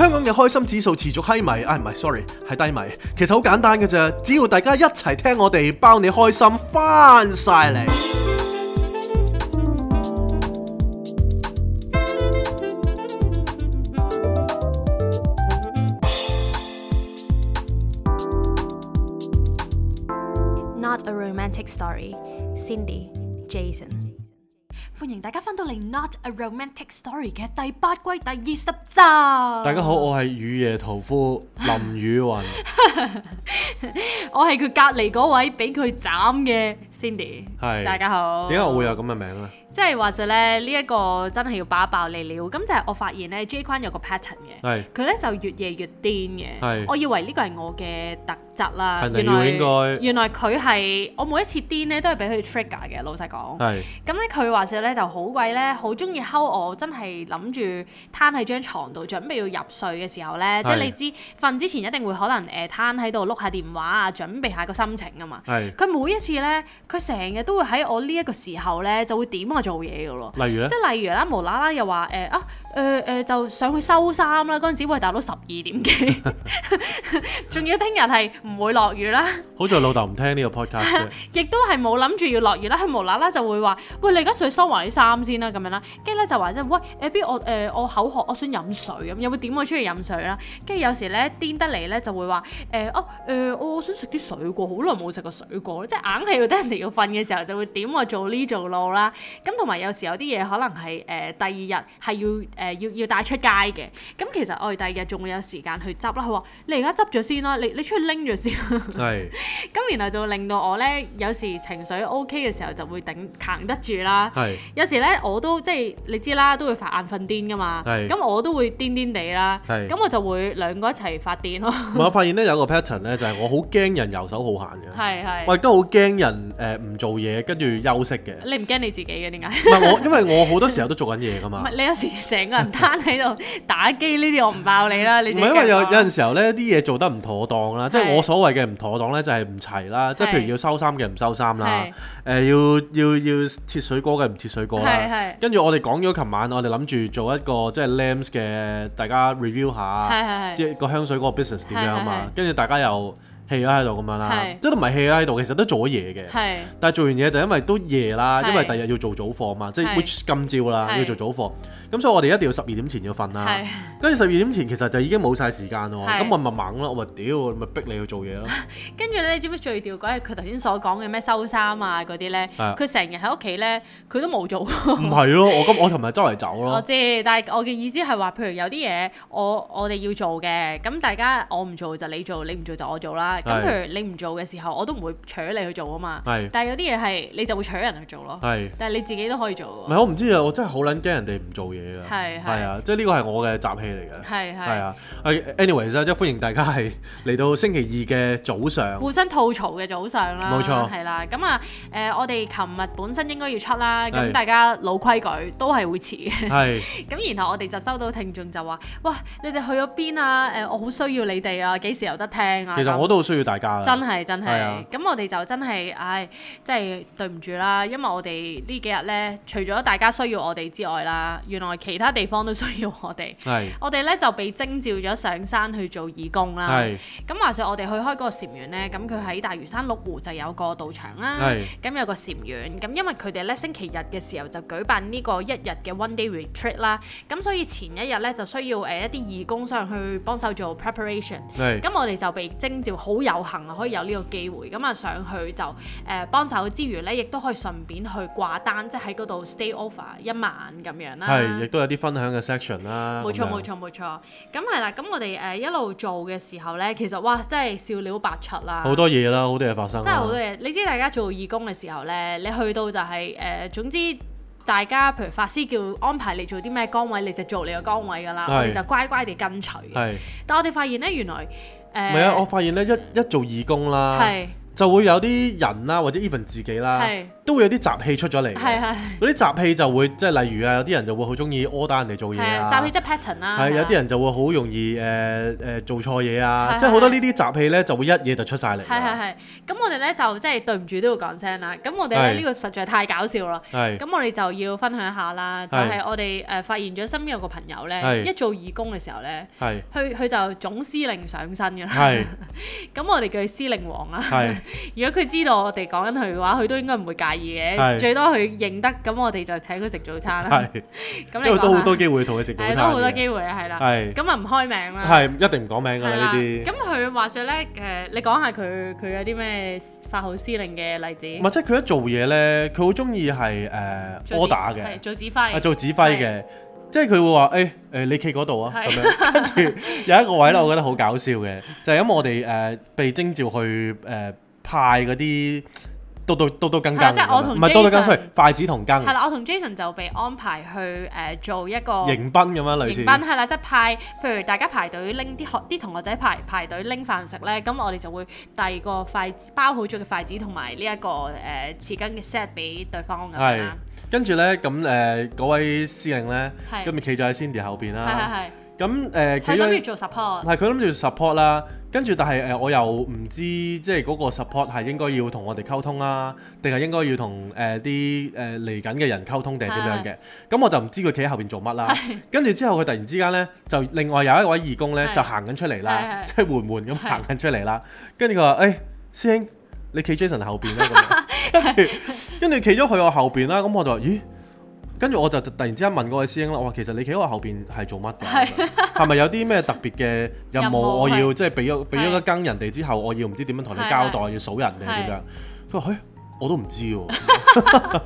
香港嘅開心指數持續、哎、sorry，蝦迷，啊唔係，sorry，係低迷。其實好簡單嘅啫，只要大家一齊聽我哋，包你開心翻晒嚟。Not a romantic story. Cindy, Jason. 歡迎大家翻到嚟《Not a Romantic Story》嘅第八季第二十集。大家好，我係雨夜屠夫林雨雲，我係佢隔離嗰位俾佢斬嘅 Cindy。係，大家好。點解我會有咁嘅名咧？即係話說咧，呢一個真係要爆爆你料。咁就係我發現咧，J 昆有個 pattern 嘅，係佢咧就越夜越癲嘅。係，我以為呢個係我嘅特實啦，原來原來佢係我每一次癲咧都係俾佢 trigger 嘅。老實講，咁咧，佢話說咧就好鬼咧，好中意溝我。真係諗住攤喺張床度準備要入睡嘅時候咧，即係你知瞓之前一定會可能誒攤喺度碌下電話啊，準備下個心情噶嘛。佢每一次咧，佢成日都會喺我呢一個時候咧就會點我做嘢嘅咯。例如咧，即係例如啦，無啦啦又話誒啊誒誒就上去收衫啦，嗰陣時會係達到十二點幾，仲要聽日係唔會落雨啦，好在老豆唔聽呢個 podcast，亦都係冇諗住要落雨啦。佢無啦啦就會話，喂，你而家水收埋啲衫先啦，啊，咁樣啦。跟住咧就話即係，喂，誒、呃、邊我誒、呃、我口渴，我想飲水咁。有冇點我出去飲水啦。跟住有時咧癲得嚟咧就會話，誒、呃，哦、呃，誒、呃，我想食啲水果，好耐冇食過水果即係硬係要得人哋要瞓嘅時候，就會點我做呢做路啦。咁同埋有時有啲嘢可能係誒、呃、第二日係要誒、呃、要要帶出街嘅。咁其實我哋第二日仲會有時間去執啦。佢話：你而家執咗先啦，你你出去拎住。係，咁然後就令到我咧，有時情緒 O K 嘅時候就會頂扛得住啦。係，有時咧我都即係你知啦，都會發眼瞓癲噶嘛。係，咁我都會癲癲地啦。係，咁我就會兩個一齊發癲咯。唔係，我發現咧有個 pattern 咧，就係我好驚人游手好閒嘅。係係。我亦都好驚人誒唔做嘢跟住休息嘅。你唔驚你自己嘅點解？唔係我，因為我好多時候都做緊嘢噶嘛。唔係你有時成個人攤喺度打機呢啲，我唔爆你啦。你唔係因為有有陣時候咧啲嘢做得唔妥當啦，即係我。所謂嘅唔妥當咧，就係唔齊啦，即係譬如要收衫嘅唔收衫啦，誒要要要切水果嘅唔切水果啦，跟住我哋講咗琴晚，我哋諗住做一個即係 Lamb’s 嘅，大家 review 下，即係個香水嗰個 business 點樣啊嘛，跟住大家又 hea 咗喺度咁樣啦，即係都唔係 hea 咗喺度，其實都做咗嘢嘅，但係做完嘢就因為都夜啦，因為第日要做早課啊嘛，即係會今朝啦要做早課。咁所以我哋一定要十二點前要瞓啦。跟住十二點前其實就已經冇晒時間咯。係。咁我咪猛咯，我咪屌，咪逼你去做嘢咯。跟住咧，你知唔知最屌嗰係佢頭先所講嘅咩收衫啊嗰啲咧？佢成日喺屋企咧，佢是的 都冇做。唔係咯，我今我同埋周圍走咯。我， 我知，但係我嘅意思係話，譬如有啲嘢我我哋要做嘅，咁大家我唔做就你做，你唔做就我做啦。係。咁譬如你唔做嘅時候，我都唔會催你去做啊嘛。是的 但係有啲嘢係你就會催人去做咯。是的 但係你自己都可以做。唔係我唔知啊，我真係好撚驚人哋唔做嘢。係係啊，anyway, 即係呢個係我嘅集氣嚟嘅。係係啊，anyways 即歡迎大家係嚟到星期二嘅早上。互相吐槽嘅早上啦，冇錯，係啦。咁啊，誒、呃，我哋琴日本身應該要出啦，咁是大家老規矩都係會遲嘅。咁是、 嗯、然後我哋就收到聽眾就話：哇，你哋去咗邊啊？誒，我好需要你哋啊！幾時有得聽啊？其實我都好需要大家。真係真係。咁、啊嗯、我哋就真係，唉，即係對唔住啦，因為我哋呢幾日咧，除咗大家需要我哋之外啦，原來。原來原來其他地方都需要我哋，是我哋咧就被徵召咗上山去做義工啦。咁是、嗯、話說我哋去開個禪院咧，咁佢喺大嶼山鹿湖就有個道場啦。咁是、嗯、有個禪院，咁、嗯、因為佢哋咧星期日嘅時候就舉辦呢個一日嘅 one day retreat 啦。咁、嗯、所以前一日咧就需要誒一啲義工上去幫手做 preparation 是。咁、嗯、我哋就被徵召，好有幸可以有呢個機會咁啊、嗯、上去就誒、呃、幫手之餘咧，亦都可以順便去掛單，即係喺嗰度 stay over 一晚咁樣啦。是亦都有啲分享嘅 section 啦，冇錯冇錯冇錯，咁係啦，咁我哋誒一路做嘅時候呢，其實哇，真係笑料百出啦，好多嘢啦，好多嘢發生，真係好多嘢。你知大家做義工嘅時候呢，你去到就係誒，總之大家譬如法師叫安排你做啲咩崗位，你就做你個崗位噶啦，就乖乖地跟隨。但我哋發現呢，原來誒，唔係啊，我發現呢，一一做義工啦，係就會有啲人啦，或者 even 自己啦，都會有啲雜氣出咗嚟，係，係嗰啲雜氣就會即係例如啊，有啲人就會好中意 order 人哋做嘢啦。雜氣即係 pattern 啦。係有啲人就會好容易誒誒做錯嘢啊，即係好多呢啲雜氣咧就會一嘢就出晒嚟。係係係。咁我哋咧就即係，對唔住都要講聲啦。咁我哋咧，呢個實在太搞笑啦。咁我哋就要分享下啦，就係我哋誒發現咗身邊有個朋友咧，一做義工嘅時候咧，佢佢就總司令上身嘅啦。係。咁我哋叫佢司令王啦。係。如果佢知道我哋講緊佢嘅話，佢都應該唔會介意。嘅最多佢認得咁，我哋就請佢食早餐啦。係咁，你都好多機會同佢食早餐，好多機會啊，係啦。係咁啊，唔開名啦。係一定唔講名㗎啦呢啲。咁佢話說咧誒，你講下佢佢有啲咩發號施令嘅例子？唔係即係佢一做嘢咧，佢好中意係誒 order 嘅係做指揮啊，做指揮嘅，即係佢會話誒誒，你企嗰度啊咁樣。跟住有一個位咧，我覺得好搞笑嘅，就係因為我哋誒被徵召去誒派嗰啲到到到到羹羹，唔係到到羹，即係筷子同羹。係啦，我同 Jason 就被安排去誒、呃、做一個迎賓咁樣，類似迎賓。迎賓係啦，即係派，譬如大家排隊拎啲學啲同學仔排排隊拎飯食咧，咁我哋就會遞個筷子包好咗嘅筷子同埋呢一個誒匙、呃、羹嘅 set 俾對方咁樣。係，跟住咧咁誒嗰位司令咧，跟住企咗喺 Cindy 後邊啦。係係係。咁誒，佢諗住做 support，係佢諗住 support 啦。跟住，但係誒、呃，我又唔知即係嗰個 support 係應該要同我哋溝通啊，定係應該要同誒啲誒嚟緊嘅人溝通，定係點樣嘅？咁是的 我就唔知佢企喺後邊做乜啦。是的 跟住之後，佢突然之間咧，就另外有一位義工咧，是的 就行緊出嚟啦，即係是的 緩緩咁行緊出嚟啦。是的 跟住佢話：誒、哎、師兄，你企 Jason 後邊啦。 跟住跟住企咗去我後邊啦。咁我就話：咦？跟住我就突然之間問嗰位師兄啦，我話其實你企喺我後邊係做乜嘅？係咪 有啲咩特別嘅任務？ 任務去我要即係俾咗俾咗一更人哋之後，我要唔知點樣同你交代？要數人定點樣？佢話：嘿，我都唔知喎。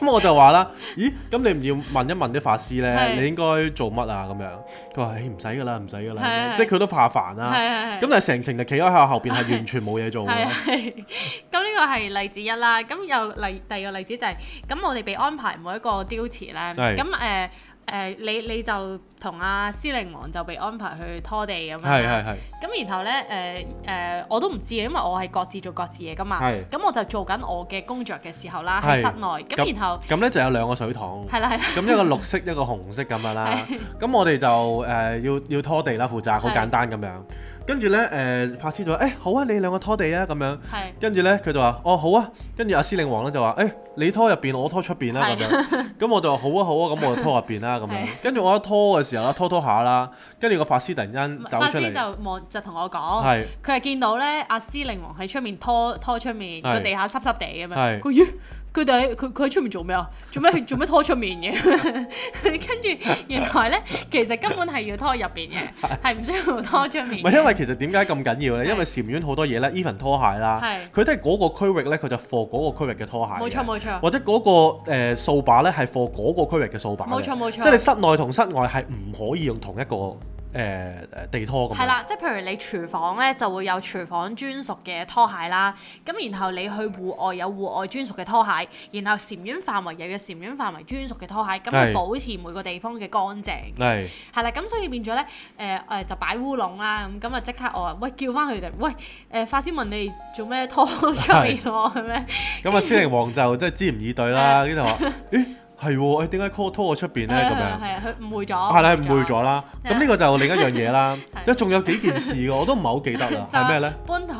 咁我就話啦，咦，咁你唔要問一問啲法師咧，是你應該做乜啊？咁樣，佢話唉，唔使噶啦，唔使噶啦，即係佢都怕煩啦、啊。咁是但係成程就企喺我後邊，係完全冇嘢做。咁呢個係例子一啦。咁又例第二個例子就係、是，咁我哋被安排每一個 duty 咧，咁誒是是、呃。誒、呃、你你就同阿司令王就被安排去拖地咁樣，係係係。咁然後咧，誒、呃、誒、呃、我都唔知啊，因為我係各自做各自嘢噶嘛。係是。咁我就做緊我嘅工作嘅時候啦，喺室內。咁是然後咁咧就有兩個水桶，係啦係。咁一個綠色， 一個紅色咁樣啦。咁 我哋就誒、呃、要要拖地啦，負責好簡單咁樣。是跟住咧，誒、呃、法師就話誒、欸、好啊，你兩個拖地啊咁樣。係。跟住咧，佢就話哦，好啊。跟住阿司令王咧就話誒、欸、你拖入邊，我拖出邊啦咁樣。咁我就話好啊好啊，咁我就拖入邊啦咁樣。跟住我一拖嘅時候啦，拖拖下啦。跟住個法師突然間走出嚟，法師就望，就同我講係。佢係見到咧，阿司令王喺出面拖拖出面個地下濕濕地咁樣。係。個魚。佢哋喺佢佢喺出面做咩啊？做咩做咩拖出面嘅？ 跟住原來咧，其實根本係要拖入邊嘅，係唔 需要拖出面。唔係因為其實點解咁緊要咧？對 因為禪院好多嘢咧，even 拖鞋啦，佢都係嗰個區域咧，佢就放嗰個區域嘅拖鞋。冇錯冇錯。或者嗰、那個誒掃、呃、把咧，係放嗰個區域嘅掃把。冇錯冇錯。即係室內同室外係唔可以用同一個。誒誒地拖咁樣，係啦，即係譬如你廚房咧就會有廚房專屬嘅拖鞋啦，咁然後你去戶外有戶外專屬嘅拖鞋，然後禪院範圍又有禪院範圍專屬嘅拖鞋，咁去保持每個地方嘅乾淨。係是的，係、嗯、啦，咁所以變咗咧，誒、呃、誒就擺烏龍啦，咁咁啊，即刻我喂，叫翻佢哋，喂誒、呃、法師問你做咩拖出嚟咯咁樣。咁 啊、嗯，師靈王就真係 知無以對啦，跟住話。咦 係喎，點解 call 拖我出邊咧？咁樣？係啊，佢誤會咗。係啦，誤會咗啦。咁呢個就另一樣嘢啦。即係仲有幾件事嘅，我都唔係好記得啦。係咩咧？搬台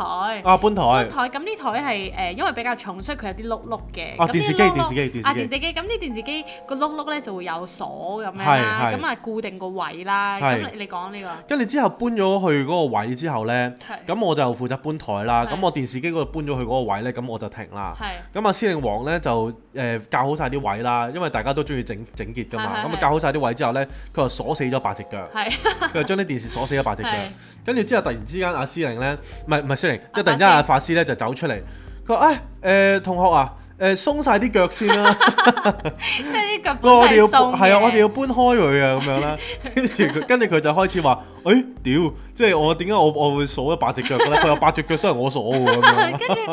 啊，搬台。搬台。咁呢台係誒，因為比較重，所以佢有啲碌碌嘅。啊，電視機，電視機，電視機。啊，電視機。咁呢電視機個碌碌咧就會有鎖咁樣啦。係係。咁啊固定個位啦。係。咁你講呢個。咁你之後搬咗去嗰個位之後咧，咁我就負責搬台啦。咁我電視機嗰度搬咗去嗰個位咧，咁我就停啦。係。咁啊司令王咧就誒較好曬啲位啦，因為，大家都中意整整潔㗎嘛，咁啊教好晒啲位之後咧，佢就鎖死咗八隻腳，佢 就將啲電視鎖死咗八隻腳，跟住 之後突然之間阿司玲咧，唔係唔係司玲，啊、即突然之間阿法師咧就走出嚟，佢話誒誒同學啊，誒、呃、鬆晒啲腳先啦，啊，即係啲腳我哋要搬，係啊 我哋要搬開佢啊咁樣啦，跟住佢就開始話，誒、欸、屌！即係我點解我我會數一八隻腳嘅咧？佢有八隻腳都係我數 跟住，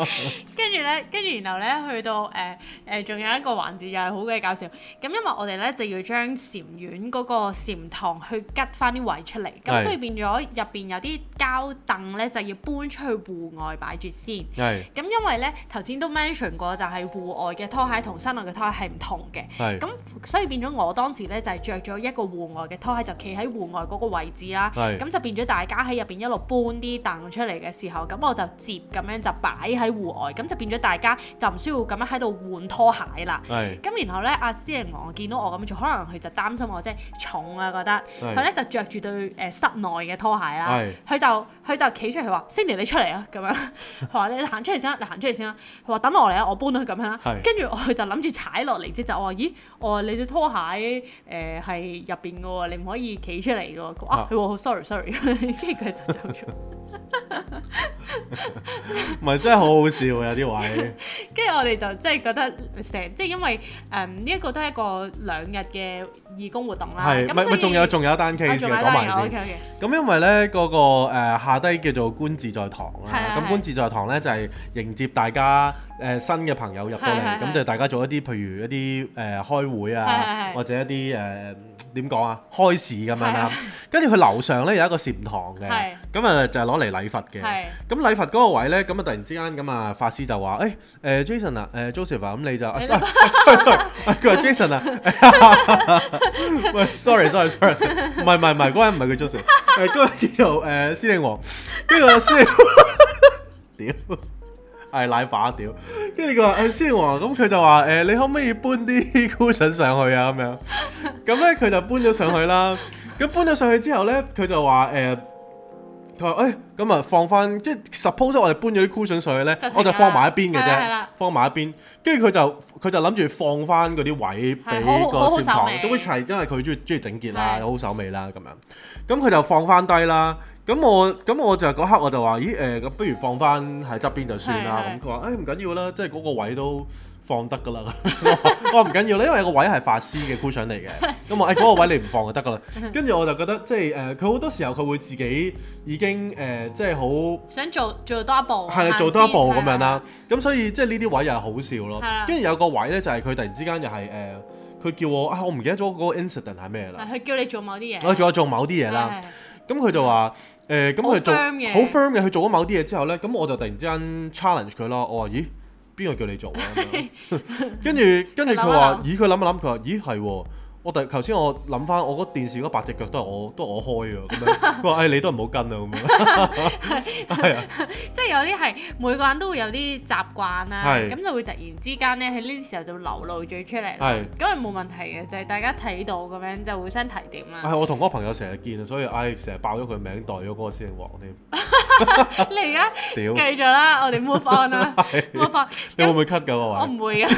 跟住咧，跟住然後咧，去到誒誒，仲、呃呃、有一個環節又係好鬼搞笑。咁因為我哋咧就要將禪院嗰個禪堂去吉翻啲位出嚟，咁所以變咗入邊有啲膠凳咧就要搬出去戶外擺住先。係是。咁因為咧頭先都 mention 過，就係戶外嘅拖鞋同室內嘅拖鞋係唔同嘅。咁是所以變咗我當時咧就係着咗一個戶外嘅拖鞋，就企喺戶外嗰個位置啦。咁是是就變咗大。加喺入邊一路搬啲凳出嚟嘅時候，咁我就接，咁樣就擺喺戶外，咁就變咗大家就唔需要咁樣喺度換拖鞋啦。係。咁然後咧，阿 Celine 王見到我咁做，可能佢就擔心我即係重啊，覺得佢咧就着住對誒室內嘅拖鞋啦。佢是 就佢就企出嚟話：Celine 你出嚟啊！咁樣佢話： 你行出嚟先啦，你行出嚟先啦。佢話：等我嚟啊，我搬到佢咁樣啦。跟住我佢就諗住踩落嚟之，就我話：咦，我、哦、話你對拖鞋誒係入邊嘅喎，你唔可以企出嚟嘅啊。佢話：好 sorry，sorry。跟住佢就走咗，唔係真係好好笑啊！有啲位，跟住我哋就即係覺得成，即係因為誒呢一個都係一個兩日嘅義工活動啦。係，咁所以仲有仲有一單 case 講埋先。咁因為咧嗰個誒下低叫做官自在堂啦，咁官自在堂咧就係迎接大家誒新嘅朋友入到嚟，咁就大家做一啲譬如一啲誒開會啊，或者一啲誒。點講啊？開市咁樣啦，跟住佢樓上咧有一個禪堂嘅，咁啊就係攞嚟禮佛嘅。咁禮佛嗰個位咧，咁啊突然之間咁啊，法師就話：誒誒 Jason 啊，誒 Joseph 啊，咁你就 sorry sorry，佢話 Jason 啊，喂 sorry sorry sorry，唔係唔係唔係，嗰個人唔係佢 Joseph，誒嗰位叫做誒司令王，跟住司令，點！係奶爸屌，跟住佢話誒先皇，咁佢、哎、就話誒、呃、你可唔可以搬啲 cushion 上去啊咁樣，咁咧佢就搬咗上去啦，咁搬咗上去之後咧，佢就話誒。呃佢話：誒咁啊，哎、放翻即係 suppose 我哋搬咗啲 cushion 上去咧，就我就放埋一邊嘅啫，了放埋一邊。跟住佢就佢就諗住放翻嗰啲位俾個攝像，咁樣係因為佢中意中意整潔啦，有對好手尾啦咁樣。咁佢就放翻低啦。咁我咁我就嗰刻我就話：咦誒，咁、欸、不如放翻喺側邊就算啦。咁佢話：誒唔緊要啦，即係嗰個位都，放得噶啦， 我話唔緊要咧，因為有個位係法師嘅箍上嚟嘅，咁 我誒嗰、哎那個位你唔放就得噶啦。跟住我就覺得即係誒，佢、呃、好多時候佢會自己已經誒、呃，即係好想做做多一步，係做多一步咁的樣啦。咁所以即係呢啲位又係好笑咯。跟住的有個位咧就係佢突然之間又係誒，佢、呃、叫我啊，我唔記得咗嗰個 incident 係咩啦。佢叫你做某啲嘢。我做有做某啲嘢啦。咁佢的就話誒，咁、呃、佢的做好 firm 嘅，佢的做咗某啲嘢之後咧，咁我就突然之間 challenge 佢啦。我話咦？邊個叫你做？啊？跟住跟住佢話：咦！佢諗一諗，佢話：咦係喎！我頭先我諗翻，我嗰電視嗰八隻腳都係我都係我開嘅。佢話：唉、哎，你都唔好跟啦咁樣。係 啊， 即係有啲係每個人都會有啲習慣啦。咁 就會突然之間咧喺呢啲時候就流露咗出嚟。係是，咁係冇問題嘅，就係、是、大家睇到咁樣就互相提點啦。係 我同嗰個朋友成日見啊，所以唉，成日、欸、爆咗佢名代，代咗嗰個聲王添。 你而家繼續啦，我哋 move on 啦，move on。你會唔會咳㗎？我唔會啊，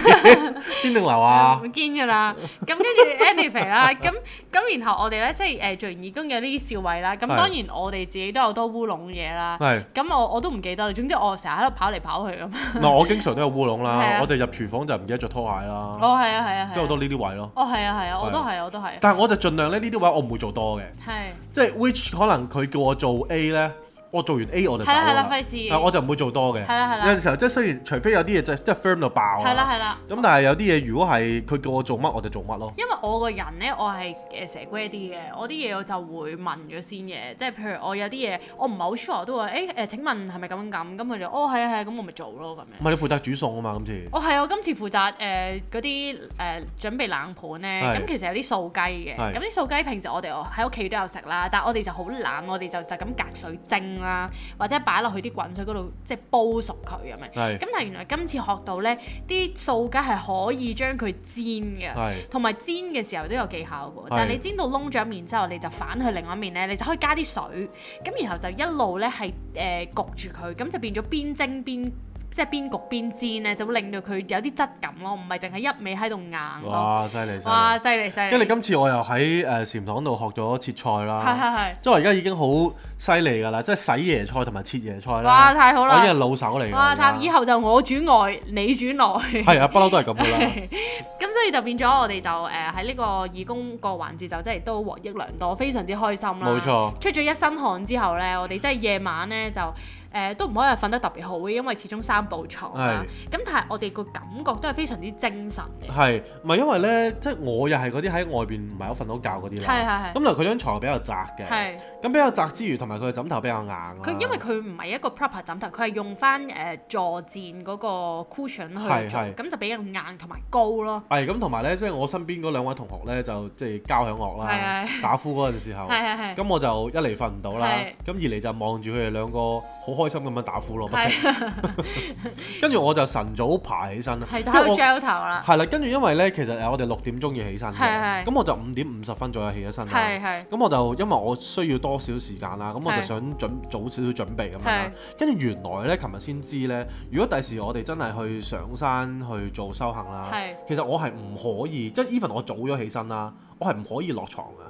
邊度流啊？唔堅㗎啦。咁跟住 anyway 啦，咁咁然後我哋咧，即係誒做完義工嘅呢啲少位啦。咁當然我哋自己都有多烏龍嘅嘢啦。係。咁我我都唔記得。總之我成日喺度跑嚟跑去咁。嗱，我經常都有烏龍啦。我哋入廚房就唔記得著拖鞋啦。哦，係啊，係啊，係。都好多呢啲位咯。哦，係啊，係啊，我都係，我都係。但係我就盡量咧，呢啲位我唔會做多嘅。係。即係 which 可能佢叫我做 A 咧。我做完 A 我就爆啦，是的是的，費事我就唔會做多嘅。是的是的，有陣時候即係雖然，除非有啲嘢就即係 firm 就爆，咁但係有啲嘢如果係佢叫我做乜我就做乜咯。因為我個人咧，我係誒成蛇龜啲嘅，我啲嘢我就會問咗先嘅，即係譬如我有啲嘢我唔係好 sure 都話誒誒，請問係咪咁樣咁？咁佢就：「哦係啊係啊，咁我咪做咯咁樣。唔係你負責煮餸啊嘛？今次、哦、我係我今次負責誒嗰啲誒準備冷盤咧，咁是的 其實有啲素雞嘅，咁啲是的 素雞平時我哋喺屋企都有食啦，但係我哋就好懶，我哋就就咁隔水蒸。啦，或者擺落去啲滾水嗰度，即係煲熟佢咁樣。咁是但係原來今次學到呢啲素雞係可以將佢煎嘅，同埋是煎嘅時候都有技巧嘅，但係是你煎到燶咗面之後，你就反去另外一面呢，你就可以加啲水，咁然後就一路呢係誒、呃、焗住佢，咁就變咗邊蒸邊。即係邊焗邊煎咧，就會令到佢有啲質感咯，唔係淨係一味喺度硬。哇！犀利！哇！犀利犀利！因為你今次我又喺誒禪堂度學咗切菜啦，係係係，作為而家已經好犀利㗎啦，即係洗椰菜同埋切椰菜啦。哇！太好啦，我已經係老手嚟。哇！太，以後就我煮外，你煮內。係 啊，不嬲都係咁㗎啦。咁 所以就變咗我哋就誒喺呢個義工個環節就真係都獲益良多，非常之開心啦。冇錯。出咗一身汗之後咧，我哋即係夜晚咧就。誒都唔可以瞓得特別好，因為始終三鋪床啦。咁但係我哋個感覺都係非常之精神嘅。係，唔係因為咧，即係我又係嗰啲喺外邊唔係好瞓到覺嗰啲啦。係係係。咁嚟佢張床比較窄嘅。係。咁比較窄之餘，同埋佢嘅枕頭比較硬。佢因為佢唔係一個 proper 枕頭，佢係用翻誒坐墊嗰個 cushion 去做，咁就比較硬同埋高咯。係咁，同埋咧，即係我身邊嗰兩位同學咧，就即係交響樂啦，打呼嗰陣時候。咁我就一嚟瞓唔到啦，咁二嚟就望住佢哋兩個好開心咁樣打呼羅，跟住我就晨早爬起身啦。係就 have gel 啦。係啦，跟住因為咧，其實我哋六點鐘要起身嘅，咁我就五點五十分左右起咗身啦。咁我就因為我需要多少時間啦，咁我就想準早少少準備咁樣。跟住原來咧，琴日先知咧，如果第時我哋真係去上山去做修行啦，其實我係唔可以，即係 even 我早咗起身啦，我係唔可以落床嘅。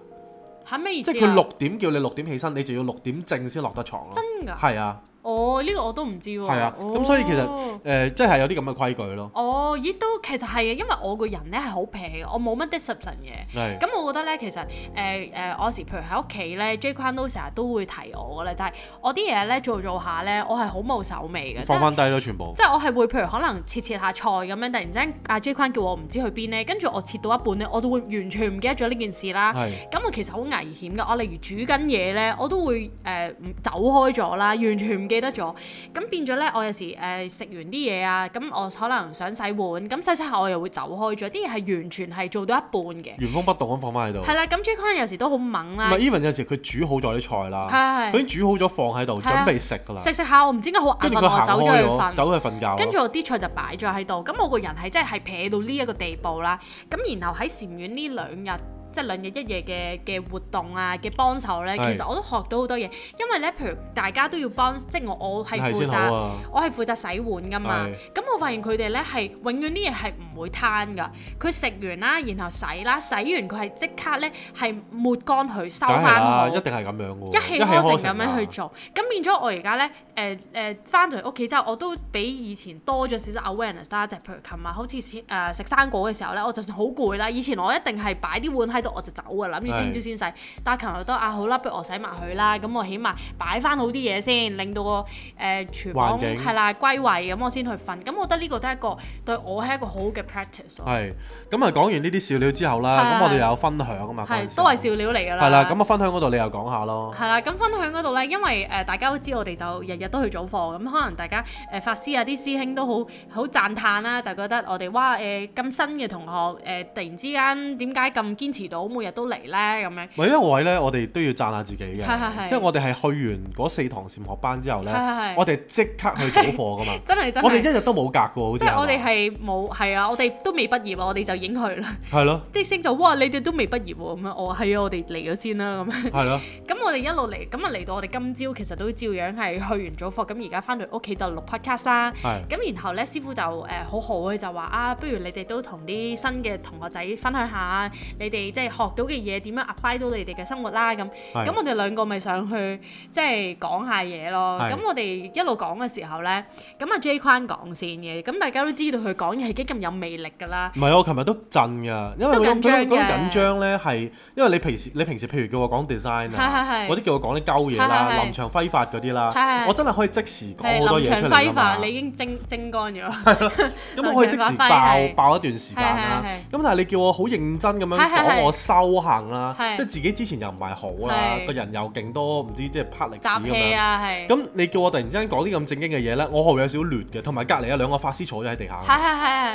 吓，咩意思啊？即係佢六點叫你六點起身，你就要六點正先落得床咯。真噶？係啊。哦，呢、oh, 個我都唔知喎。啊，咁、啊 oh, 嗯、所以其實誒，即、呃、係、就是、有啲咁嘅規矩咯。哦，咦，都其實係嘅，因為我個人咧係好平，我冇乜 discipline 嘅。咁是我覺得咧，其實誒誒、呃呃，我有時譬如喺屋企咧，Jay 坤都成日都會提我噶啦，就係、是、我啲嘢咧做一做一下咧，我係好冇手尾嘅。放翻低咗全部。就是、即係我係會譬如可能切切下菜咁樣，突然之間阿 Jay 坤叫我唔知去邊咧，跟住我切到一半咧是，我都會完全唔記得咗呢件事啦。係、呃。咁啊，其實好危險嘅。我例如煮緊嘢咧，我都會誒走開咗啦，完全。記得咗咁變咗咧，我有時誒食、呃、完啲嘢啊，咁我可能想洗碗，咁洗洗下我又會走開咗。啲嘢係完全係做到一半嘅，原封不動咁放翻喺度。係啦，咁 CJ 有時都好猛啦。唔係 Even 有時佢煮好咗啲菜啦，係佢、啊、已經煮好咗放喺度、啊、準備食噶啦。食食、啊、下我唔知點解好眼瞓，我走咗去瞓，走去瞓覺。跟住我啲菜就擺咗喺度，咁我個人係真係撇到呢一個地步啦。咁然後喺禪院呢兩日。即係兩日一夜嘅嘅活動啊，嘅幫手咧，是其實我都學到好多嘢，因為咧譬如大家都要幫，即我我係負責，啊、我係負責洗碗噶嘛。咁是我發現佢哋咧係永遠啲嘢係唔會攤噶，佢食完啦，然後洗啦，洗完佢係即刻咧係抹乾佢收翻，一定係咁樣喎，一氣呵成咁樣去做。咁變咗我而、呃呃、家咧，誒誒翻到嚟屋企之後，我都比以前多咗少少 awareness 啦。即、就是、譬如琴日好似食誒食生果嘅時候咧，我就算好攰啦，以前我一定係擺啲碗喺。我就走㗎啦，諗住聽朝先洗。但係琴日都啊好啦，俾我洗埋佢啦。咁我起碼擺翻好啲嘢先，令到個誒廚房係境啦歸位。咁、嗯、我先去瞓。咁、嗯、我覺得呢個都係一個對我係一個好嘅 practice。係。咁啊講完呢啲笑料之後啦，咁、啊、我哋又有分享啊嘛。係，都係笑料嚟㗎啦。係啦，咁我分享嗰度你又講下咯。係啦、啊，咁分享嗰度咧，因為誒、呃、大家都知我哋就日日都去早課，咁、嗯、可能大家誒、呃、法師啊啲師兄都好好讚歎啦、啊，就覺得我哋哇誒咁、呃、新嘅同學誒、呃，突然之間點解咁堅持？每日都嚟咧，咁樣。每一位咧，我哋都要讚下自己嘅。即係是我哋係去完嗰四堂禪學班之後咧，係係係我哋即刻去早課噶嘛。係係真係真係我哋一日都冇隔噶好似。即係我哋係冇係啊！我哋都未畢業，我哋就已經去啦。係咯是的。啲師傅哇，你哋都未畢業喎，咁樣我係啊！我哋嚟咗先啦，咁樣。係咯是的。 咁我哋一路嚟咁啊嚟到我哋今朝其實都照樣係去完早課，咁而家翻到屋企就錄 podcast 啦。咁是的 然後咧，師傅就誒、呃、好好嘅就話啊，不如你哋都同啲新嘅同學仔分享下你哋即。學到嘅嘢點樣 apply 到你哋嘅生活啦咁，咁我哋兩個咪上去即係講下嘢咯。咁我哋一路講嘅時候咧，咁阿 J 匡講先嘅。咁大家都知道佢講嘢係幾咁有魅力㗎啦。唔係我琴日都震㗎，因為你講緊緊張咧，係因為你平時你平時譬如叫我講 design 啊，嗰啲叫我講啲鳩嘢啦，臨場揮發嗰啲啦，我真係可以即時講好多嘢臨場揮發出嚟㗎嘛。你已經蒸蒸乾咗，咁我可以即時爆爆一段時間啦。咁但係你叫我好認真咁樣講我修行啦、啊，是即係自己之前又唔係好啊，個是人又勁多唔知即係拍歷史咁、啊、樣。咁你叫我突然之間講啲咁正經嘅嘢咧，我會有少少亂嘅，同埋隔離有兩個法師坐咗喺地下。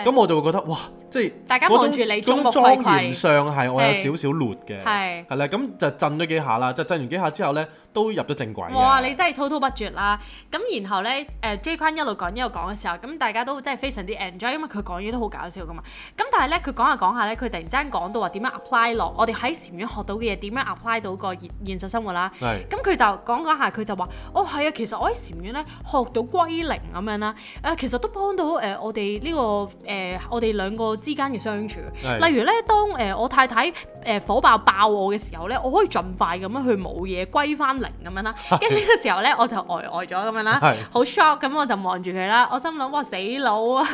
咁我就會覺得哇，即係大家望住你的中莊嚴。上係我有少少亂嘅，係係啦。咁是就震咗幾下啦，就震完幾下之後咧，都入咗正軌。哇！你真係滔滔不絕啦。咁然後咧，誒、呃、J 坤一路講一路講嘅時候，咁大家都真係非常之 enjoy，因為佢講嘢都好搞笑噶嘛。咁但係咧，佢講下講下咧，佢突然之間講到話點樣 apply。 我哋喺禪院學到嘅嘢點樣 apply 到個現實生活啦？咁佢的就講講下，佢就話：哦係啊，其實我喺禪院咧學到歸零咁樣啦。誒，其實都幫到誒、呃、我哋呢、這個誒、呃、我哋兩個之間嘅相處。的例如咧，當誒我太太誒火爆爆我嘅時候咧，我可以盡快咁的樣去冇嘢歸翻零咁樣啦。跟住呢個時候咧，我就呆呆咗咁樣啦，好 shock 咁我就望住佢啦。我心諗：哇死佬啊！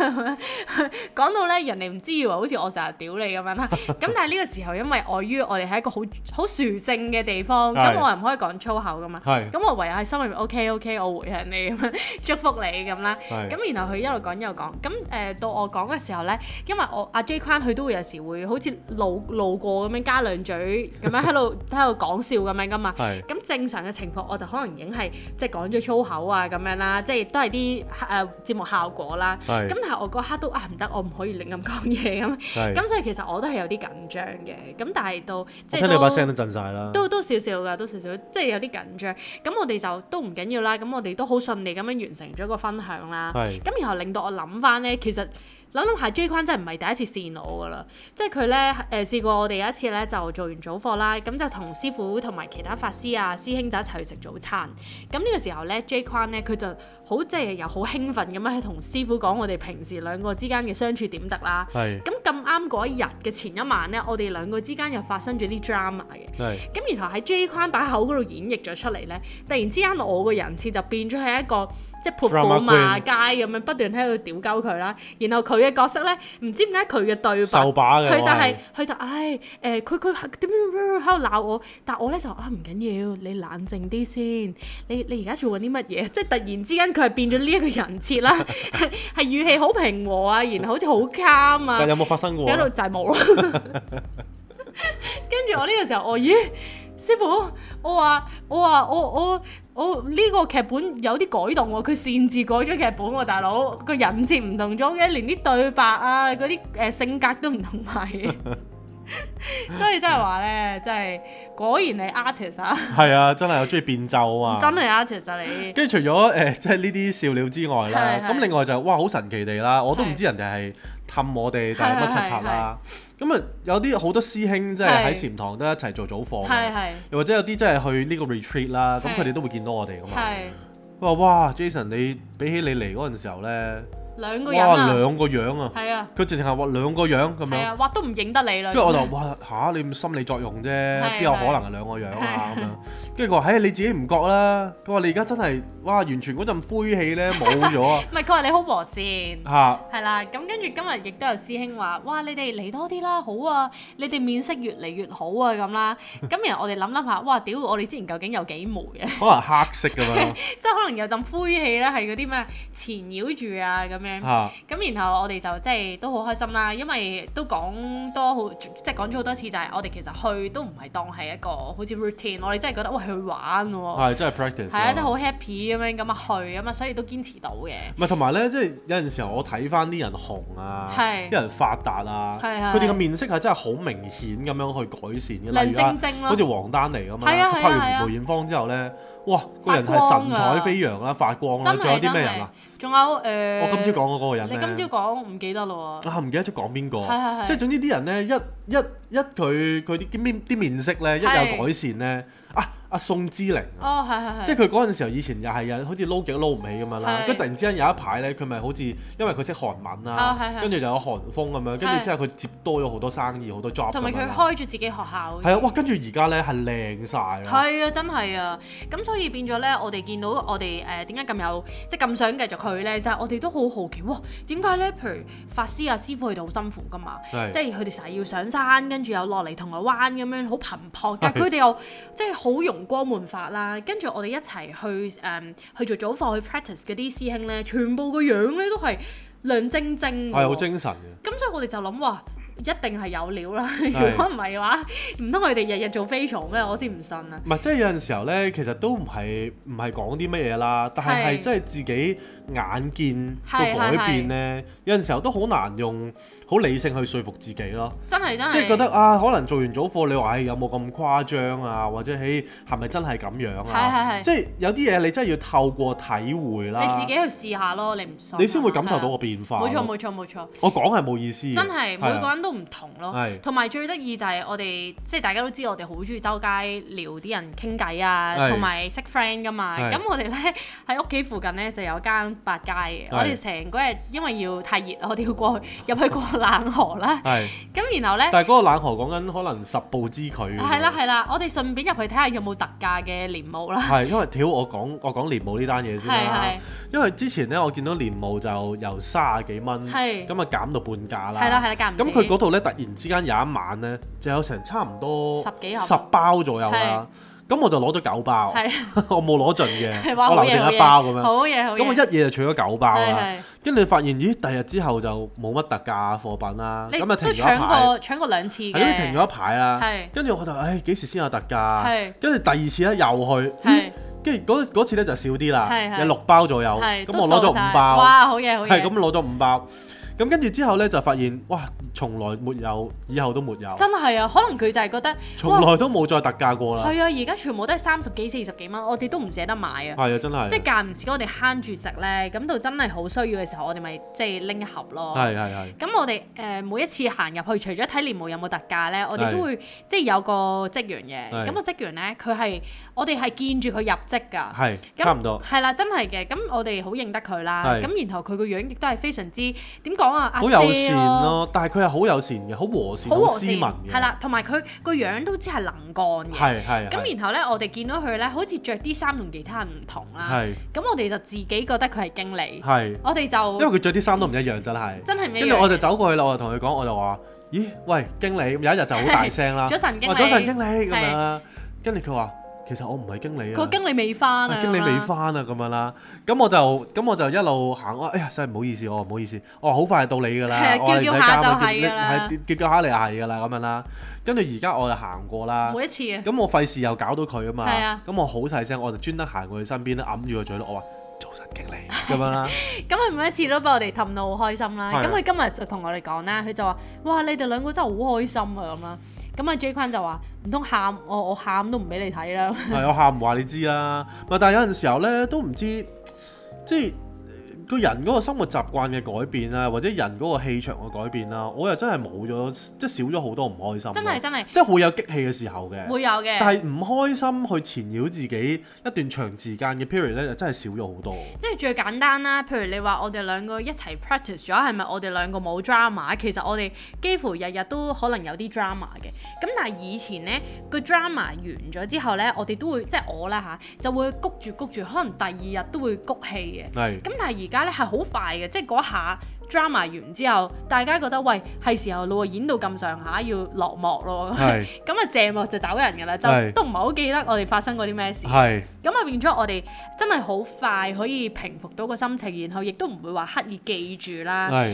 講 到咧人哋唔知以為好似我成日屌你咁樣啦。咁但係呢個時候因為礙於我哋係一個好好殊勝嘅地方，咁我又唔可以講粗口噶嘛。咁我唯有喺心裏面，OK OK，我回向你咁樣，祝福你咁啦。咁然後佢一路講一路講，咁誒到我講嘅時候咧，因為我阿 J Kwan 佢都會有時會好似路路過咁樣加兩嘴，咁樣喺度喺度講笑咁樣噶嘛。咁正常嘅情況，我就可能已經係即係講咗粗口啊咁樣啦，即係都係啲誒節目效果啦。咁但係我嗰刻都啊唔得，我唔可以亂咁講嘢咁，咁所以其實我都係有啲緊張嘅。咁但係到即係都，聽到你把聲都震晒啦都，都少少㗎，都少少，即係有啲緊張。咁我哋就都唔緊要啦。咁我哋都好順利咁樣完成咗個分享啦。咁是的 然後令到我諗翻咧，其實。諗諗下 J 框真係唔係第一次試我㗎啦，即係佢咧誒試過我哋有一次咧就做完早課啦，咁就同師傅同埋其他法師啊師兄仔一齊去食早餐。咁呢個時候咧 J 框咧佢就好即係又好興奮咁去同師傅講我哋平時兩個之間嘅相處點得啦。係是。咁咁啱嗰一日嘅前一晚咧，我哋兩個之間又發生咗啲 drama 嘅。係是。咁然後喺 J 框擺口嗰度演繹咗出嚟咧，突然之間我個人設就變咗係一個。即潑婦罵街咁樣不斷喺度屌鳩佢啦，然後佢嘅角色咧唔知點解佢嘅對白，佢就係、是、佢我是 就唉誒，佢佢點喺度鬧我，但係我咧就啊唔緊要，你冷靜啲先，你你而家做緊啲乜嘢？即係突然之間佢係變咗呢一個人設啦，係 語氣好平和啊，然後好似好 calm 嘛。但有冇發生過？喺度就係冇咯。跟住我呢個時候，我咦師傅，我話我話我我。我我我呢、哦呢個劇本有啲改動喎，佢擅自改咗劇本喎，啊，大佬個人設唔同咗嘅，連啲對白啊嗰啲誒性格都唔同埋， 所以真係話咧，真係果然係 artist 啊，係啊，真係好中意變奏啊，真係 artist 啊你。跟住除咗誒即係呢啲笑料之外啦，咁是另外就是，哇好神奇地啦，我都唔知人哋係氹我哋是是 但定乜柒柒啦。咁啊，有啲好多師兄即係喺禪堂都一齊做早課嘅，又或者有啲真係去呢個 retreat 啦，咁佢哋都會見到我哋噶嘛。佢話，哇哇，Jason，你比起你嚟嗰陣時候咧？兩個人啊！哇，兩個樣啊！係啊！佢直情係話兩個樣咁樣，話都唔認得你啦。跟住我就哇嚇，你心理作用啫，邊有可能係兩個樣啊？咁樣跟住佢話，唉你自己唔覺啦。佢話你而家真係哇，完全嗰陣灰氣咧冇咗啊！唔係佢話你好和善嚇，係啦。咁跟住今日亦都有師兄話，哇，你哋嚟多啲啦，好啊，你哋面色越嚟越好啊，咁啦。咁然後我哋諗諗下，哇！屌，我哋之前究竟有幾黴啊？可能黑色咁樣，即係可能有陣灰氣咧，係嗰啲咩纏繞住啊咁。咁，然後我哋就即係都好開心啦，因為都講多好，即係講咗好多次就係我哋其實去都唔係當係一個好似 routine，我哋真係覺得喂去玩喎，係真係 practice，係啊，真係好 happy 咁樣咁啊去啊嘛，所以都堅持到嘅。唔係同埋咧，即係有陣時候我睇翻啲人紅啊，啲人發達啊，佢哋嘅面色係真係好明顯咁樣去改善嘅，例如啊，好似王丹妮啊嘛，佢拍完梅艷芳之後咧。哇！個人係神采飛揚啦，發光啦，仲有啲咩人啊？仲有誒、呃，我今朝講嗰個人，你今朝講唔記得啦喎。啊，唔記得咗講邊個？係係係，即係總之啲人咧，一一一，佢佢啲面啲面色咧，一有改善咧。阿宋之玲，哦係係係，是是是，即係佢嗰陣時候以前又係有好似撈極撈唔起咁樣啦，跟住突然之間有一排咧，佢咪好似因為佢識韓文啊，跟住就有韓風咁樣，跟住之後佢接多咗好多生意、好多 job，同埋佢開住自己學校，係啊，哇！跟住而家咧係靚晒。係啊真係啊，咁、啊、所以變咗咧，我哋見到我哋誒，點解咁有，即係咁想繼續去咧，就係、是、我哋都好好奇喎，點解咧？譬如法師啊、師傅佢哋好辛苦㗎嘛，即係佢哋成日要上山，跟住又落嚟銅鑼灣咁樣好頻撲，但係佢哋又即係好容光門法啦，跟住我哋一齊去誒、um, 去做早課去 practice 嗰啲師兄咧，全部個樣咧都係亮晶晶，係好、哎、精神嘅。咁、嗯、所以我哋就諗話。哇一定係有料啦！如果唔係嘅話，唔通佢哋日日做飛蟲咩？我先唔信啊！唔係，即係有陣時候咧，其實都唔係唔係講啲乜嘢啦，但係係是真係自己眼見個改變咧，有陣時候都好難用好理性去說服自己咯。真係真係，即係覺得啊，可能做完早課你話、哎，有冇咁誇張啊？或者係係咪真係咁樣啊？係係係！即係有啲嘢你真係要透過體會啦。你自己去試下咯，你唔信啊，你先會感受到個變化。冇錯冇錯冇錯，冇錯我講係冇意思。真係每個人都。唔同咯，同埋最得意就係我哋，即係大家都知我哋好中意周街撩啲人傾偈啊，同埋識 friend 噶嘛。咁我哋咧，喺屋企附近咧，就有間百佳嘅，我哋成個日因為要太熱，我哋要過去入去過冷河啦。係。咁然後咧，但係嗰個冷河講緊可能十步之距。係啦係啦，我哋順便入去睇下有冇特價嘅蓮霧啦。係，因為屌我講，我講蓮霧呢單嘢先啦。係係。因為之前咧我見到蓮霧就由卅啊幾蚊，係咁啊減到半價啦。係啦係啦，減唔止。嗰度咧，突然之間有一晚咧，就有成差唔多十幾十包左右啦。咁我就攞咗九包，我冇攞盡嘅，我留剩一包咁樣。好嘢好嘢。咁我一夜就取咗九包啦。跟住發現，咦？第二日之後就冇乜特價貨品啦。咁啊停咗一排，搶過兩次。係，停咗一排啊。跟住我就，唉，幾時先有特價？跟住第二次咧，又去。跟住嗰次咧就少啲啦，有六包左右。係。咁我攞咗五包。哇！好嘢好嘢。係咁攞咗五包。咁跟住之後咧，就發現哇，從來沒有，以後都沒有。真係啊，可能佢就係覺得從來都冇再特價過啦。係啊，而家全部都係三十幾、四十幾蚊，我哋都唔捨得買啊。係啊，真係。即係間唔時我哋慳住食咧，咁到真係好需要嘅時候，我哋咪即係拎一盒咯。係係係。咁我哋誒每一次行入去，除咗睇蓮霧有冇特價咧，我哋都會即係有個職員嘅。咁個職員咧，佢係我哋係見住佢入職㗎。係。差唔多。係啦，真係嘅。咁我哋好認得佢啦。係。咁然後佢個樣亦都係非常之點講。好友善咯，但係佢係好友善嘅，好和善，好斯文嘅，係啦，同埋佢個樣都只係能幹嘅，係係。咁然後咧，我哋見到佢咧，好似着啲衫同其他人唔同啦，係。咁我哋就自己覺得佢係經理，係。我哋就因為佢着啲衫都唔一樣，真係，真係唔一樣。跟住我就走過去啦，我就同佢講，我就話，咦，喂，經理，有一日就好大聲啦，早晨經早晨經理咁樣啦。跟住佢話。其實我唔係經理啊，個經理未返啊，經理未返啊，咁樣啦，咁我就咁我就一路行啊，哎呀，真係唔好意思我唔好意思，我話好快就到你㗎啦，叫的叫下就係叫叫係叫叫下嚟係㗎啦，咁的、就是、樣啦，跟住而家我就行過啦，每一次啊，咁我費事又搞到佢啊嘛，咁是的 我好細聲，我就專登行過去身邊啦，揞住個嘴我話早晨，經理。」咁 這樣啦，咁佢每一次都畀我哋氹到好開心啦，咁佢是的 今日就同我哋講啦，佢就話，哇，你哋兩個真係好開心啊咁樣。咁啊，J 君就話：唔通喊我，我喊都唔俾你睇啦。咪、 啊、我喊話你知啦。咪但係有陣時候咧，都唔知即係。人個生活習慣嘅改變啊，或者人個氣場嘅改變啦，我又真係冇咗，即係少咗好多唔開心。真係真係，即係會有激氣嘅時候嘅。會有嘅。但係唔開心去纏繞自己一段長時間嘅 period 咧，就真係少咗好多。即係最簡單啦，譬如你話我哋兩個一齊 practice 咗，係咪我哋兩個冇 drama？其實我哋幾乎日日都可能有啲 drama 嘅。咁但係以前咧，個 drama 完咗之後咧，我哋都會即係我啦吓、啊、就會谷住谷住，可能第二日都會谷氣嘅。係是。咁但係而家。咧係好快嘅，即係嗰一下。drama 完之後，大家覺得喂係時候咯，演到咁上下要落幕咯，咁啊是、 嗯、正就走人㗎啦，就是都唔係好記得我哋發生過啲咩事，咁啊是變咗我哋真係好快可以平復到個心情，然後亦都唔會話刻意記住啦，咁啊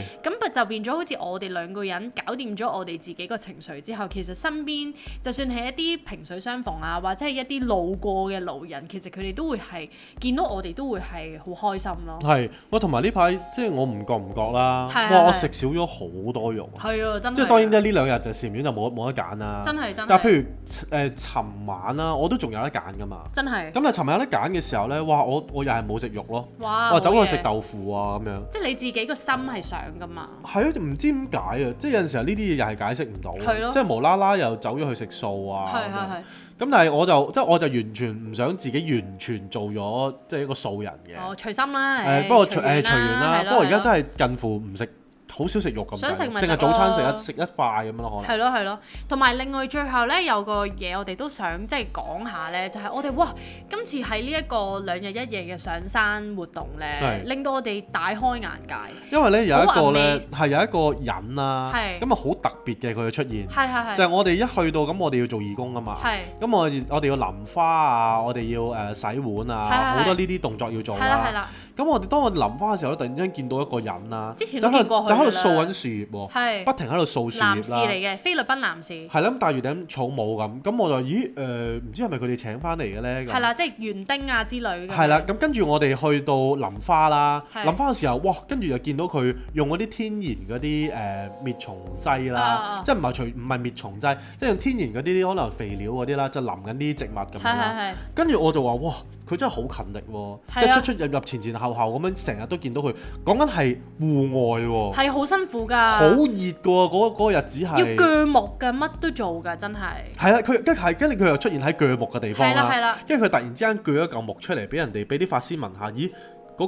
是就變咗好似我哋兩個人搞掂咗我哋自己個情緒之後，其實身邊就算係一啲萍水相逢啊，或者係一啲路過嘅路人，其實佢哋都會係見到我哋都會係好開心咯。係，我同埋呢排即係我唔覺唔覺啦。哇！我食少咗好多肉，係啊，即係當然咧，呢兩日就甜點就冇冇得揀啦。真係真。但譬如誒，尋、呃、晚啦，我都仲有得揀噶嘛。真係的。咁但尋晚有得揀嘅時候咧，哇！我我又係冇食肉咯。哇！我走去食豆腐啊，咁樣。即係你自己個心係想噶嘛。係啊，唔知點解啊？即係有陣時候呢啲嘢又係解釋唔到，的即係無啦啦又走咗去食素啊。係係係。咁但係我就即係、就是、我就完全唔想自己完全做咗即係一個素人嘅。哦，隨心啦。誒、欸，不過誒隨緣啦。不過而家真係近乎唔識。好少食肉咁，想食淨係早餐食一食一塊咁咯，可能係咯係咯，同埋另外最後咧有個嘢我哋都想即係講下咧，就係我哋哇今次喺呢一個兩日一夜嘅上山活動咧，令到我哋大開眼界。因為咧有一個咧係有一個人啦，咁啊好特別嘅佢嘅出現，就係我哋一去到咁，我哋要做義工噶嘛，咁我我哋要淋花啊，我哋要誒洗碗啊，好多呢啲動作要做係啦係啦。咁我哋當我淋花嘅時候咧，突然之間見到一個人啊，就係就。掃緊樹葉喎，係不停喺度掃樹葉啦。男士嚟嘅，菲律賓男士。係啦，咁戴住頂草帽咁，咁我就咦誒，唔知係咪佢哋請翻嚟嘅咧？係啦，即係園丁啊之類。係啦，咁跟住我哋去到淋花啦，淋的花嘅時候，哇！跟住又見到佢用嗰啲天然嗰啲誒滅蟲劑啦，oh. 即係唔係除唔係滅蟲劑，即係用天然嗰啲可能肥料嗰啲啦，就淋緊啲植物咁啦。係係係。跟住我就話哇！佢真係好勤力喎，一、啊、出出入入前前後後咁樣，成日都見到佢。講緊係戶外喎，係好辛苦㗎，好熱㗎喎，嗰嗰、嗰個、日子係要鋸木㗎，乜都做㗎，真係。係啊，佢跟係跟住佢又出現喺鋸木嘅地方啦。係啦係啦，跟住佢突然之間鋸一嚿木出嚟，俾人哋俾啲法師聞下，咦？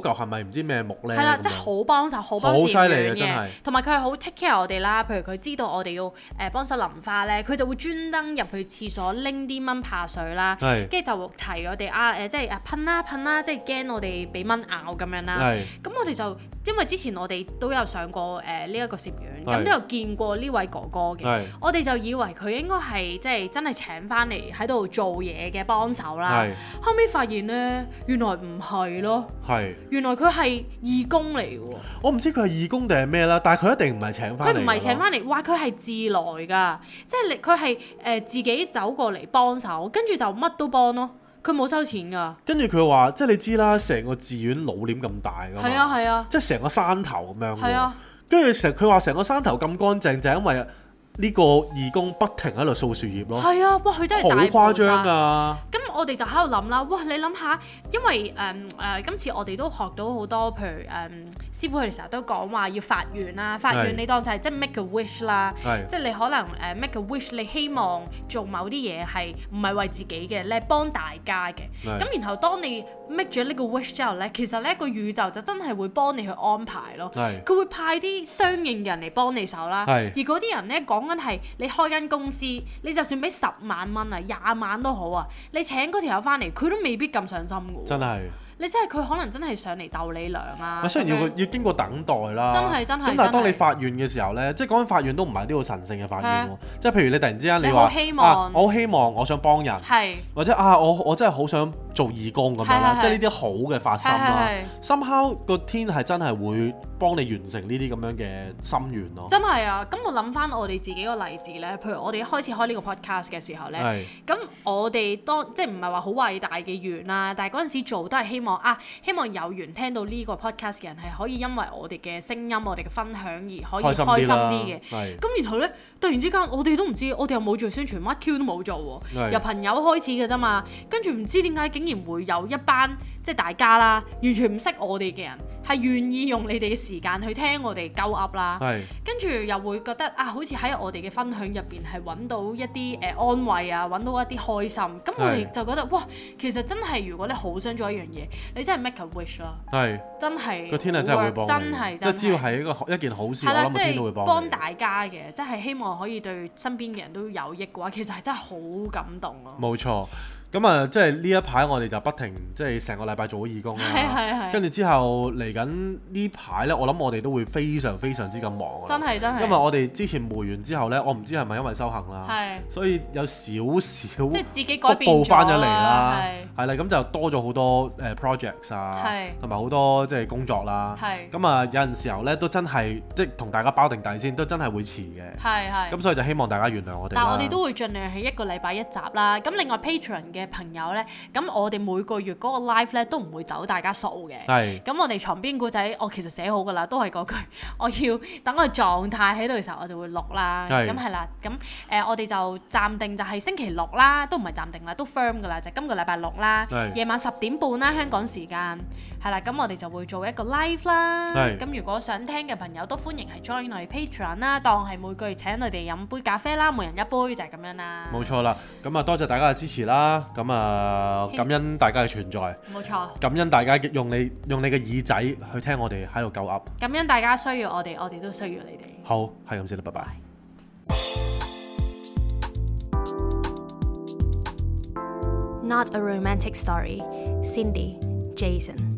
嗰嚿係咪唔知咩木咧？係啦，即係好幫手，好幫攝影嘅。同埋佢係好 take care 我哋啦。譬如佢知道我哋要誒幫手淋花咧，佢就會專登入去廁所拎啲蚊怕水啦。跟住就提我哋啊誒，即係誒噴啦噴啦，即係驚我哋俾蚊咬咁樣啦。咁我哋就因為之前我哋都有上過誒呢一個攝影，咁都有見過呢位哥哥嘅。我哋就以為佢應該係即係真係請翻嚟喺度做嘢嘅幫手啦。係。後尾發現咧，原來唔係咯。係。原來佢係義工嚟㗎喎，我唔知佢係義工定係咩啦，但係佢一定唔係請返，佢唔係請返嚟，話佢係自來㗎，即係你佢係誒自己走過嚟幫手，跟住就乜都幫咯，佢冇收錢㗎。跟住佢話，即係你知啦，成個寺院腦臉咁大㗎嘛，係啊係啊，啊即係成個山頭咁樣，係啊，跟住成佢話成個山頭咁乾淨，就係因為，呢個義工不停喺度掃樹葉咯，係啊，哇！佢真係太誇張啊！咁我哋就喺度諗啦，哇！你諗下，因為誒誒、嗯呃、今次我哋都學到好多，譬如誒、嗯、師傅佢哋成日都講話要發願啦，發願你當就係即係 make a wish 啦，即係的你可能誒 make a wish，你希望做某啲嘢係唔係為自己嘅，咧幫大家嘅。咁的然後當你 make 咗呢個 wish 之後咧，其實咧個宇宙就真係會幫你去安排咯，佢的會派啲相應嘅人嚟幫你手啦。的而嗰啲人咧講。講緊係你開間公司，你就算俾十萬蚊啊，廿萬都好啊，你請嗰條友翻嚟，佢都未必咁上心嘅。真係。你真係佢可能真係上嚟逗你娘啦、啊。咪雖然要的要經過等待啦，真係真係。咁但係當你發願嘅時候咧，即係講緊發願都唔係呢個神聖嘅發願喎、啊。即係的譬如你突然之間你話、啊，我我希望我想幫人，的或者啊我我真係好想做義工咁樣啦，的即係呢啲好嘅發心啦、啊。深敲個天係真係會幫你完成呢啲咁樣嘅心願咯。真係啊！咁我諗翻我哋自己個例子咧，譬如我哋一開始開呢個 podcast 嘅時候咧，咁的我哋當即係唔係話好偉大嘅願啦，但係嗰陣時做都係希望。啊！希望有緣聽到呢個 podcast 嘅人係可以因為我哋嘅聲音、我哋嘅分享而可以開心啲嘅。係。咁然後呢，突然之間我，我哋都唔知，我哋又冇做宣傳，乜 Q 都冇做喎、哦。的由朋友開始嘅啫嘛，跟住唔知點解竟然會有一班即係大家啦，完全唔識我哋嘅人。係願意用你哋嘅時間去聽我哋鳩噏啦，跟住是又會覺得啊，好似喺我哋嘅分享入邊係揾到一啲誒、呃、安慰啊，揾到一啲開心。咁我哋就覺得是哇，其實真係如果你好想做一樣嘢，你真係 make a wish 啦是，真係個天真係會幫你，即係只要係一個一件好事，的我諗天都會幫，幫大家嘅，即、就、係、是、希望可以對身邊嘅人都有益嘅話，其實係真係好感動咯、啊。冇錯。咁啊，即係呢一排我哋就不停，即係成個禮拜做義工啦。跟住之後嚟緊呢排咧，我諗我哋都會非常非常之咁忙。真係真係，因為我哋之前攰完之後咧，我唔知係咪因為修行啦，所以有少少即係自己改變翻咗嚟啦。係啦，咁就多咗好多誒 projects 啊，同埋好多即係工作啦。係。咁啊，有陣時候咧都真係即係同大家包定底先，都真係會遲嘅。係係。咁所以就希望大家原諒我哋。但我哋都會盡量係一個禮拜一集啦。咁另外 Patreon 嘅。嘅朋友咧，咁我哋每個月嗰個 live 咧都唔會走，大家數嘅。係。咁我哋床邊故仔，我其實寫好㗎啦，都係嗰句，我要等個狀態喺度嘅時候，我就會錄啦。係。咁係啦，咁誒，我哋就暫定就係星期六啦，都唔係暫定啦，都 firm 㗎啦，就今個禮拜六啦。係。夜晚十點半啦，香港時間。係啦，咁我哋就會做一個 live 啦。係。咁如果想聽嘅朋友都歡迎係 join 我哋 Patreon 啦，當係每個月請我哋飲杯咖啡啦，每人一杯就係咁樣啦。冇錯啦，咁啊多謝大家嘅支持啦。咁啊！感恩大家嘅存在，冇錯。感恩大家用你用你嘅耳仔去聽我哋喺度鳩噏。感恩大家需要我哋，我哋都需要你哋。好，係咁先啦，拜拜。Bye. Not a romantic story. Cindy, Jason.